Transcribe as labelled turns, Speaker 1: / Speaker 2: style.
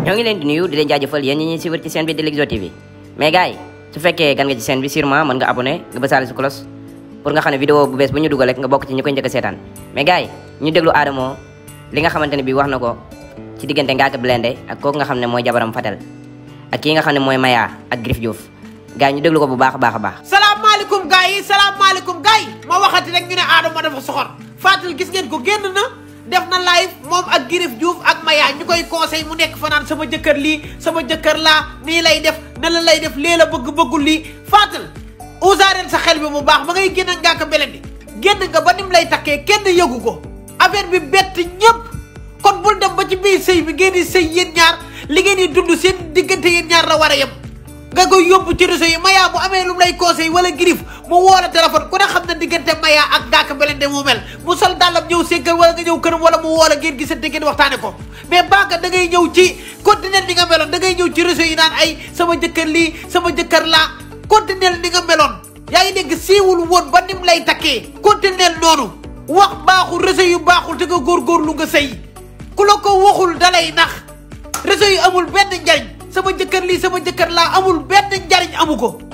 Speaker 1: ñoo ngi leen di nuyu di leen jaajëfal yéen ñi ñuy suivre ci chaîne bi di Likzo TV mais gars yi su fekkee gan nga ci chaîne bi sûrement mën nga abonné nga bësaale su cloche pour nga xam ne vidéo bu bees bu ñu dugal rek nga li nga xamante ne bi wax na ko ci diggante Ngaaka Blindé ak kooku nga xam ne mooy jabaram Fatel ak kii nga xam ne mooy Maya ak Griff Diouf gars yi ñu déglu ko bu baax a baax a baax
Speaker 2: salaamaaleykum gars yi salaamaaleykum gars yi ma waxati rek ñu ne Adamo soxor Fatel gis ngeen ko génn na def na live moom ak Girif Diouf ak Maya ñu koy conseil mu nekk fanaan sama jëkkër lii sama jëkkër laa nii lay def na la lay def lee la bëgg bëggul lii faatal usaareel sa xel bi mu baax ba ngay génn ngaa ko belen génn nga ba nim lay takkee kenn yëgu ko affaire bi bett ñëpp kon bul dem ba ci biir sëy bi ngeen di sëy yéen ñaar li ngeen di dund seen diggante yéen ñaar la war yem nga koy yóbbu ci réseau yi Maya bu amee lu mu lay conseil wala Girif mu woo la téléphone ku ne xam na diggante Maya ak Ngaaka Blindé mu mel mu sol dàllam ñëw seen kër wala nga ñëw këram wala mu woo la ngeen gisante ngeen waxtaane ko mais Manga da ngay ñëw ci continent di nga meloon da ngay ñëw ci réseau yi naan ay sama jëkkër lii sama jëkkër laa continent di nga meloon yaa ngi dégg siiwul woon ba nim lay takkee continent noonu wax baaxul réseau yu baaxul te nga góorgóorlu nga sëy ku la ko waxul dalay nax réseau yu amul benn njariñ sama jëkkër lii sama jëkkër laa amul benn njariñ amu ko